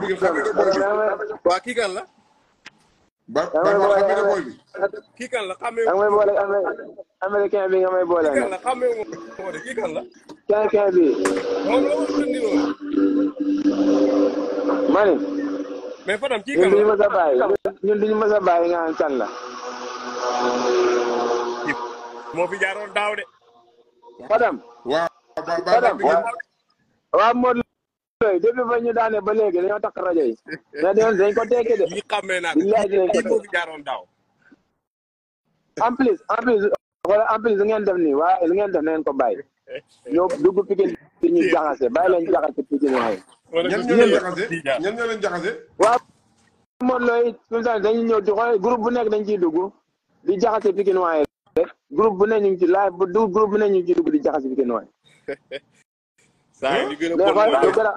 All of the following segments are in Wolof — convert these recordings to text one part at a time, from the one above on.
bi xam nga booy bi waaw kii kan la. ba ba xam nga booy bi. kii kan la xamee nga may boole américain bi nga may boole. kii kan la xamee nga boole kii kan la. keneen bi. moom la woon dëgg yoon. ma ne. mais Fadam kii kan la ñun duñu mës a bàyyi ñun duñu mës a bàyyi nga xam kan la. moo fi jaaroon daaw de. Fadam. waaw waaw waaw Modou. yooyu depuis ba ñu daane ba léegi dañoo takk rajo yi dañ ko tekkee de yi xamee naa ko jaaroon daaw en plus en plus wala en plus lu ngeen def nii waaye lu ngeen def na ko bàyyi ñoo dugg pikin bi ñu jaxase bàyyi leen jaxase pikin yooyu ñan ñoo leen jaxase ñan ñoo leen jaxase waaw moom looy suñu saa dañuy ñëw di xool groupe bu nekk dañ ciy dugg di jaxase pikin waaye rek groupe bu ne ñu ngi ci live bu dugg bu ne ñu ngi ci dugg di jaxase pikin waaye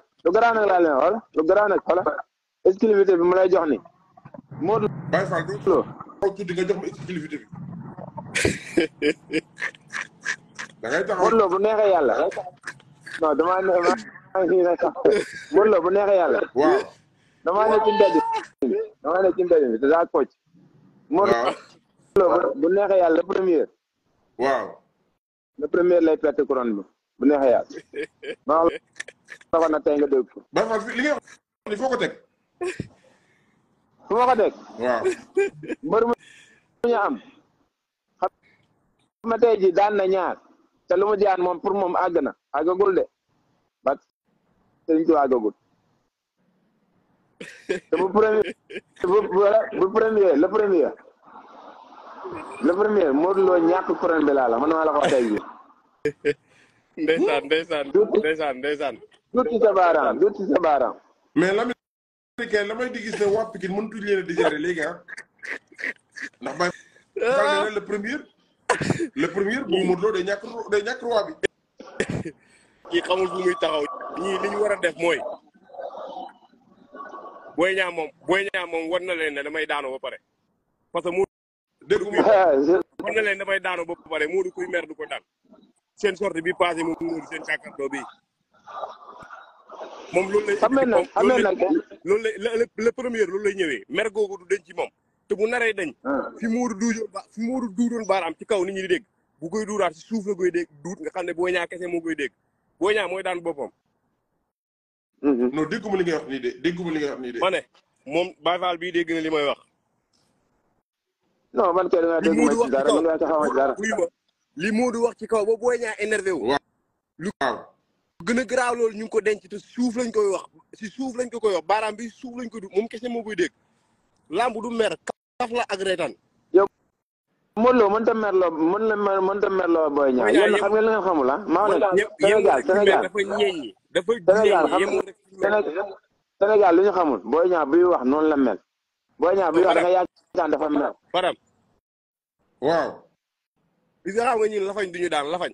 lu garaaw nag laa leen xool lu garaaw nag xool exclusivité bi mu lay jox ni Modou Baye Fall du xaw tuddi nga jox ma exclusivité bi da ngay taxaw Modou Lo bu neexee yàlla non damaa ne Modou Lo bu neexee yàlla waaw damaa ne ci mbedd bi damaa ne ci mbedd bi te daa kooc Modou Lo bu neexee yàlla le premier waaw le premier lay perte couronne bi bu neexee yàlla ko na tey nga dégg ko. Baye Fall li nga wax ni foo ko waaw ñu am. xam nga tey daan na ñaar te lu mu jaan moom pour moom àgg na àggagul de ba sëñ ci àggagul. te premier bu premier le premier le premier Modou Lo ñàkk bi laa la man la ko duuti sa baaraam duuti sa baaraam. mais la may di gis ne waa Pikine mënatuñ leen a digérer léegi ah. ndax Baye Fall le premier le bu Modou Lo day ñàkk day ñàkk roi bi. kii xamul bu muy taxaw ñii li ñu war a def mooy. Boy Niang moom Boy Niang moom war na leen ne damay daanu ba pare parce que mu. dégg nga ah, war na leen damay daanu ba pare Modou du ko daan seen sortie bi passé mu ngi seen càkkartoo bi. moom loolu lay xam na xam na nag moom loolu lay le premier loolu lay ñëwee mer googu du denc ci moom te bu naree dañ ah. fi Modou duudoon ba fi Modou duudoon baaraam ci kaw nit ñi di dégg bu koy duuraat si suuf la koy dégg duut nga xam ne boo ñaa kese moo koy dégg boo ñaa mooy daan boppam mhm. non dégguma li nga wax nii de dégguma li nga wax nii de ma ne moom Baye Fall bii dégg na li may wax non man kay dangaa dégg ma ci dara man ngaa ci xaw ma ci dara li Modou wax ci kaw ba boo ñaa énervé wu waaw gën a garaaw loolu ñu ngi ko denc te suuf lañ koy wax si suuf lañ ko koy wax baaraam bi suuf lañ ko du moom kese moo koy dégg làmb du mer kaf la ak reetaan. yow Modou Lo mënut a merloo mën na mer mënut a merloo Boy Niang yéen xam nga li ngeen xamul ah. maa ngi Sénégal Sénégal dafa ñeeñi dafa ñeeñi Sénégal lu ñu xamul Boy Niang wax noonu la mel. Boy Niang buy wax da la yaakaar dafa mer. Fadam li nga xam nga ñun lafañ du ñu daan lafañ.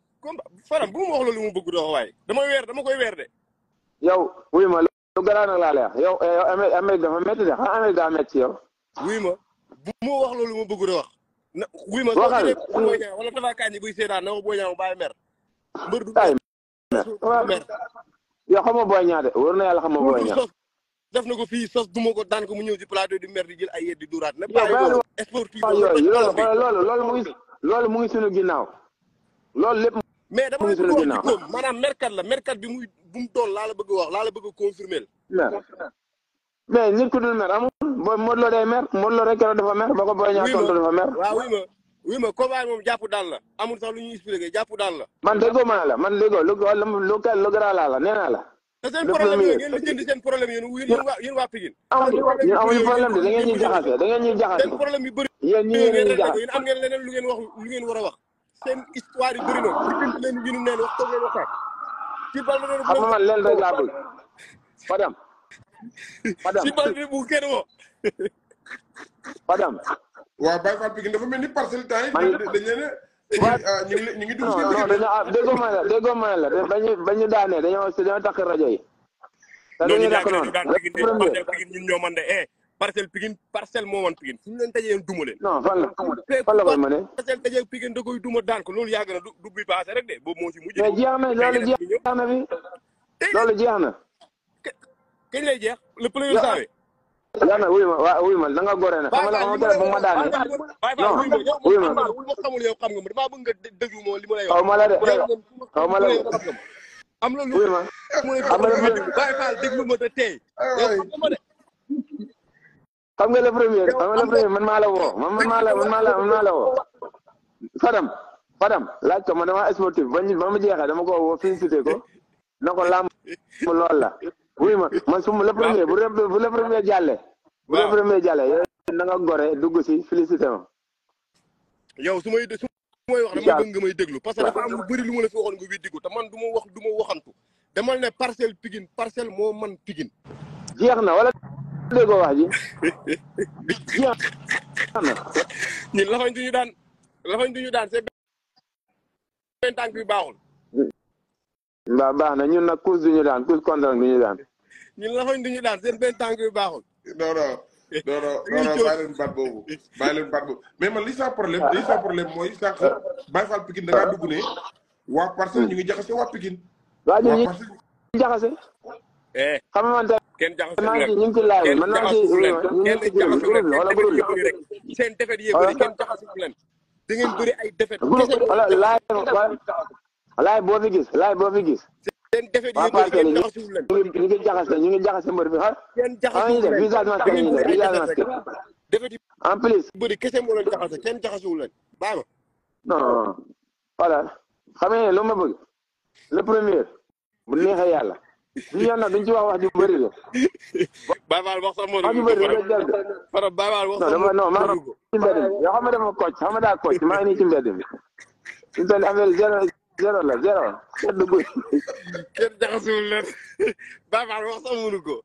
combat faram bu mu wax loolu mu bëgg doo waaye damay weer dama koy weer de. yow wuy ma lu garaan nag laa lay wax yow Amérique dafa métti de xanaa Amérique daa métti yow. wuy ma bu mu wax loolu mu bëgg doo wax. na wuy ma waxal wala dafa kañ buy seetaan na ma booy ñaaw bàyyi mer. mbër du mer yow xam nga booy ñaa de wóor na yàlla xam nga booy ñaa. def na ko fii sos du ma ko daan ko mu ñëw ci plateau di mer di jël ay yéen di duuraat. na bàyyi ko sportif loolu mu ngi loolu mu ngi suñu ginnaaw loolu lépp mais dama la bëgg a wax maanaam merkat la merkat bi muy bu mu doon laa la bëgg a wax laa a bëgg a confirmer mais nit ku dul mer amul booy Modou Lo mer Modou Lo rek keroog mer ba booy ñaar tontu mer. waaw oui ma oui ma combat moom jàpp daan la amul sax lu ñuy expliqué jàpp daan la. man déggoo ma la man déggoo lu lu lu gara laa la nee naa la. te seen problème yooyu ngeen waa yéen waa Pikine. amuñu amuñu de da ngeen jaxase da ngeen ñuy jaxase. seen problème yu jaxase yéen war a wax. seen histoire i bëri na diggante leen yu ñu neen wax na man leen rek laa bëgg Fadam. Fadam ci bal bi bu kenn woo. Fadam. waaw Baye Fall Pikine dafa mel ni parcelle temps yi. dañ leen a ah, ñu ngi ñu la déggoo ma la bañu bañu daanee dañoo takk rajo yi. te dañuy takk noonu. ñun ñoo parcelle Pikine parcelle moo woon Pikine fu ñu leen dajee duma leen. non fan la fan la koy mënee. parcelle dajee Pikine da koy duma daan ko loolu yàgg na du bi passé rek de boobu moo ci mujj. mais jeex na loolu jeex na bi loolu jeex na. kañ lay jeex le premier saawe. yaa na wuy ma waaw wuy ma da nga gore na xam nga la xam nga bu moo li ma lay wax xaw la de xaw la na lu wuy ma am na lu baay faal déglu ma te tey xam nga le premier man maa la woo man man maa la man maa la man maa woo Fadam Fadam laaj ko man dama sportif ba ñu ba mu jeexee dama ko woo ko na ko lool la wuy ma man su ma le premier bu bu le premier jàlle bu le premier jàlle yow na nga gore dugg si félicité ma yow su may su may wax may déglu parce que dafa am lu bëri ma la man du ma wax du ma waxantu demal ne parcelle Pikine parcelle moo man Pikine jeex na wala léegoo wax ji jeex na ñun lafañ duñu daan lafañ ñu daan c'est benn tànk bi baaxul mbaa baax na ñun nag cause duñu daan cause contre duñu daan ñun lafañ ñu daan seen benn tànk bi baaxul non non non non non bàyyi leen baat boobu bàyyi leen baat boobu mais li sa problème li sa problème mooy sa Baye Fall Pikine da ngaa dugg ne waa parcelle ñu ngi jaxase waa Pikine waa ñun ñu jaxase eh. xamante kenn jaxasul leen kenn jaxasul leen kenn jaxasul leen seen defet yi ah, bëri rek seen defet yi bëri kenn jaxasul leen da ngeen bëri ay defet. wala laay laay boo fi gis laay boo fi gis. seen defet yi bëri kenn jaxasul leen ñu jaxase ñu ngi jaxase mbër bi xam. Ah. kenn jaxasul leen visage masqué ñu ngi visage masqué. defet yi en plus bëri kese leen jaxase kenn jaxasul leen baax na. non voilà xam nga lu ma bëgg le yàlla. du yoon nag dañ ci wax wax ju bëri la. Baye wax sax moo wax ju bëri la jël de. nga daa kocc maa ngi nii ci la mi. suñu toll affaire la zéro kenn du guy. kenn jaxasuwul leen Baye Fall wax sax mënu ko.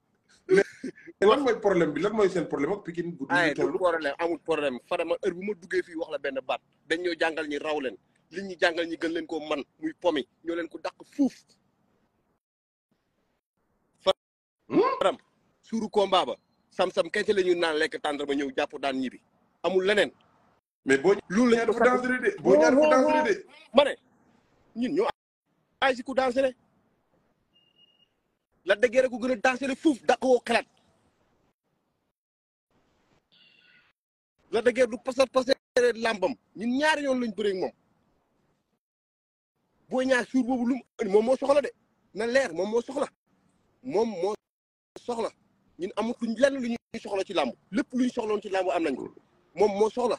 lan mooy problème bi lan mooy seen problème ak Pikine bu bu ma duggee fi wax la benn baat dañ ñoo jàngal ñi raw leen li ñi jàngal ñi gën leen koo man muy pomi ñoo leen ko dàq fuuf. maanaam suuru combat ba sam-sam kese la ñu naan lekk tàndar ba ñëw jàpp daan ñibbi amul leneen. mais boo loolu la ñu dangereux de boo ñaar fu dangereux de ma ne ñun ñoo ay si ku dangereux la déggee ku gën a dangereux fuuf da koo xalaat la déggee du pasar pasare làmbam ñun ñaari yoon lañ bëree ak moom ñaar suur boobu lu mu moo soxla de na leer moom moo soxla moom moo soxla ñun amatuñ lenn lu ñu soxla ci lamb lepp lu ñu soxloon ci lamb am nañ ko moom moo soxla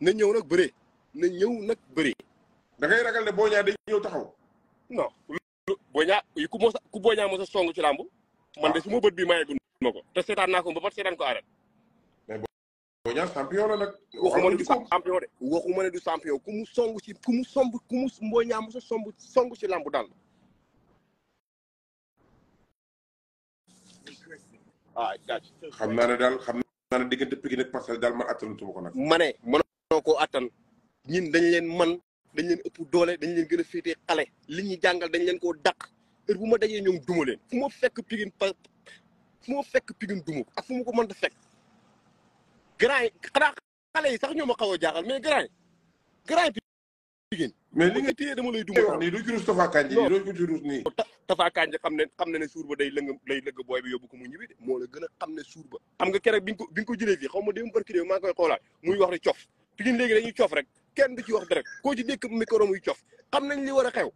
na ñew nak bëré na ñew nak bëré da ngay ragal né boña day ñew taxaw non boña ku mosa ku boña sa song ci lamb man de ah. suma bëtt bi maye gun ko te seetaan naa ko ba pat sétan ko arrêt boña champion la nak waxuma ni du champion de waxuma ni du champion ku mu song ci ku mu somb ku mu boña mosa somb song ci lamb dal ah gàcc xam na ne daal xam naa ne diggante Pikine ak Parcelles daal man attanatuma ko nag. ma ne mënoo koo attan ñun dañ leen man dañ leen ëpp doole dañ leen gën a féetee xale li ñuy jàngal dañ leen ko dàq heure bu ma dajee ñoom duma leen fu ma fekk Pikine pa fu ma fekk Pikine duma ko ak fu ma ko mënta fekk. grand yi xanaa xale yi sax ñoo ma xaw a jaaxal mais grand yi grand mais li nga téye dama lay duma nii doo ci rus nii xam ne xam ne suur ba day lëgg booy bi yóbbu ko mu ñibbi de moo la gën a xam ne suur ba xam nga keroog bi nga ko bi nga ko jëlee fii xaw ma ne cof Pikine léegi dañuy cof rek kenn du ci wax dara koo ci dékk micro muy cof xam nañ li war a xew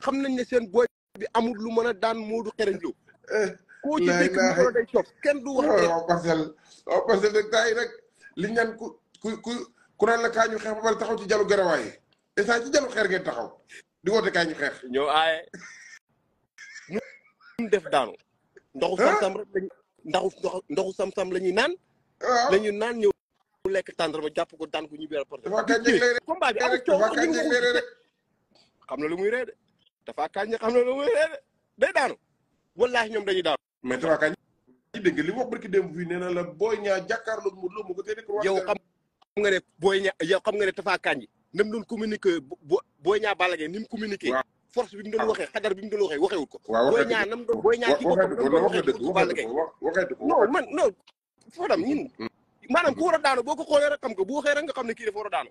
xam nañ ne seen booy bi amul lu mën a daan Modou Xereñ Lo eh, koo ci dékk micro day cof kenn du wax waaw parcelle waaw parcelle rek taa yi rek li ñaan ku ku ku ku naan la kaa ñu xeex ba pare taxaw ci jalu garawaay Esa ci jalo xer ngeen taxaw di wote kay ñu xex ñoo ay ñu def daanu. ndoxu sam-sam ¿Eh? rek lañ ndaxu ndoxu sam-sam lañuy naan. Ah. lañu naan ñu lek lekk ba japp ko daan ko ñu biir porte. dafa kañ rek combat bi amul coow ak ñu xam na lu muy ree dafa kañ xam na lu muy ree day daanu. wallahi ñom dañuy daanu. mais dafa kañ. dégg li wax barki dem fi la boy ñaa mu lu mu ko ko wax yow xam nga ne boy ñaa yow xam nga ne dafa kañ nam doon communiquer bo booy ñaa Balla Gaye ni mu communiquer force bi mu doon waxee xadar bi mu doon waxee waxewul ko booy ñaa nam doon booy ñaa ci boppam nam ko man non Fodam ñun maanaam ku war a daanu boo ko xoolee rek xam ko bu waxee rek nga xam ne kii dafa war daanu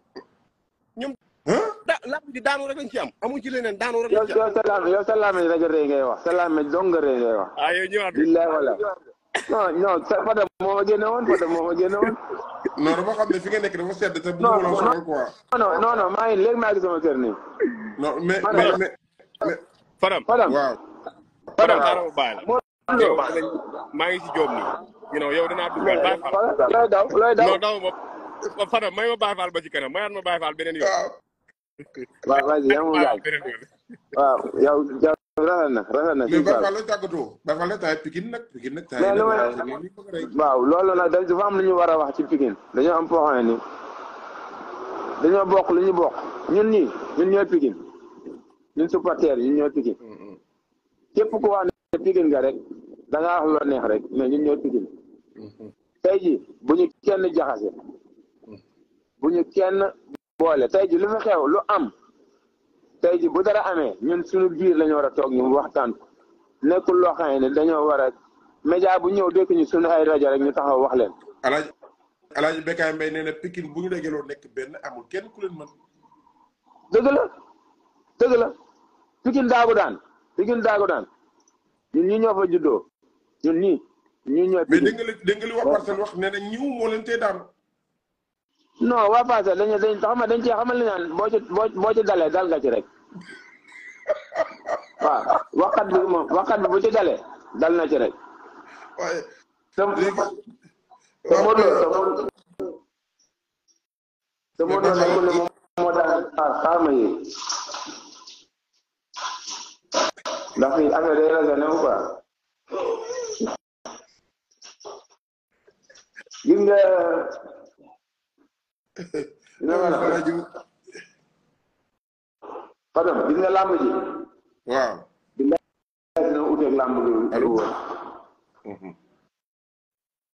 ñoom da laaj di daanu rek lañ ci am amuñ ci leneen daanu rek lañ ci am yow salaam yow salaam rajo rëy ngay wax salaam dong rëy ngay non non Fadam moo a génne woon Fadam moo ma génne woon. non non non non maa ngi léegi maa Fadam Fadam Fadam dara ma Fadam faal oh, ba ci kanam mayaat ma baax faal beneen yoon. waaw waaw yow. rafet na rafet na. mais Baye Fall la tàggatoo Baye la waaw loolu nag dafa am lu ñu war a wax ci Pikine dañoo am foo xam ne dañoo bokk lu ñu bokk ñun ñii ñun ñooy Pikine ñun supporters ñun ñooy Pikine mm, mm. képp ku wax ne Pikine nga rek da ngaa wax loo rek mais ñun ñooy Pikine mm, tey ji bu ñu kenn jaxase bu ñu kenn boole tey ji lu fi xew lu am. tey ji bu dara amee ñun suñu biir lañu ñu war a toog ñu waxtaan ko nekkul loo xam ne dañoo war a bu ñëw dëkk ñu suñu ay rajo rek ñu taxaw wax leen. alaaj alaaji Bécaye Mbaye nee na Pikine bu ñu dajaloo nekk benn amul kenn ku leen mën. dëgg la dëgg la Pikine daagu daan Pikine daagu daan ñun ñu ñoo fa juddoo ñun ñii. ñun ñoo mais dégg nga li dégg nga li waa Parcelles wax nee na ñiw moo leen tee daanu. non waa Parcelles dañu dañ xam dañ cee xamal ne naan boo ci boo ci dalee dal nga rek. waaw waxat bi moom waxat bi bu ci dalee dal na ci rek. waaye. te Modou Lo te Modou moom moo daal xaar xaar ma yéeg ndax fii affaire day raisonné wu quoi gis nga. Fadam gis nga làmb ji. waaw. bi nga xam ne dina uteeg làmb ji.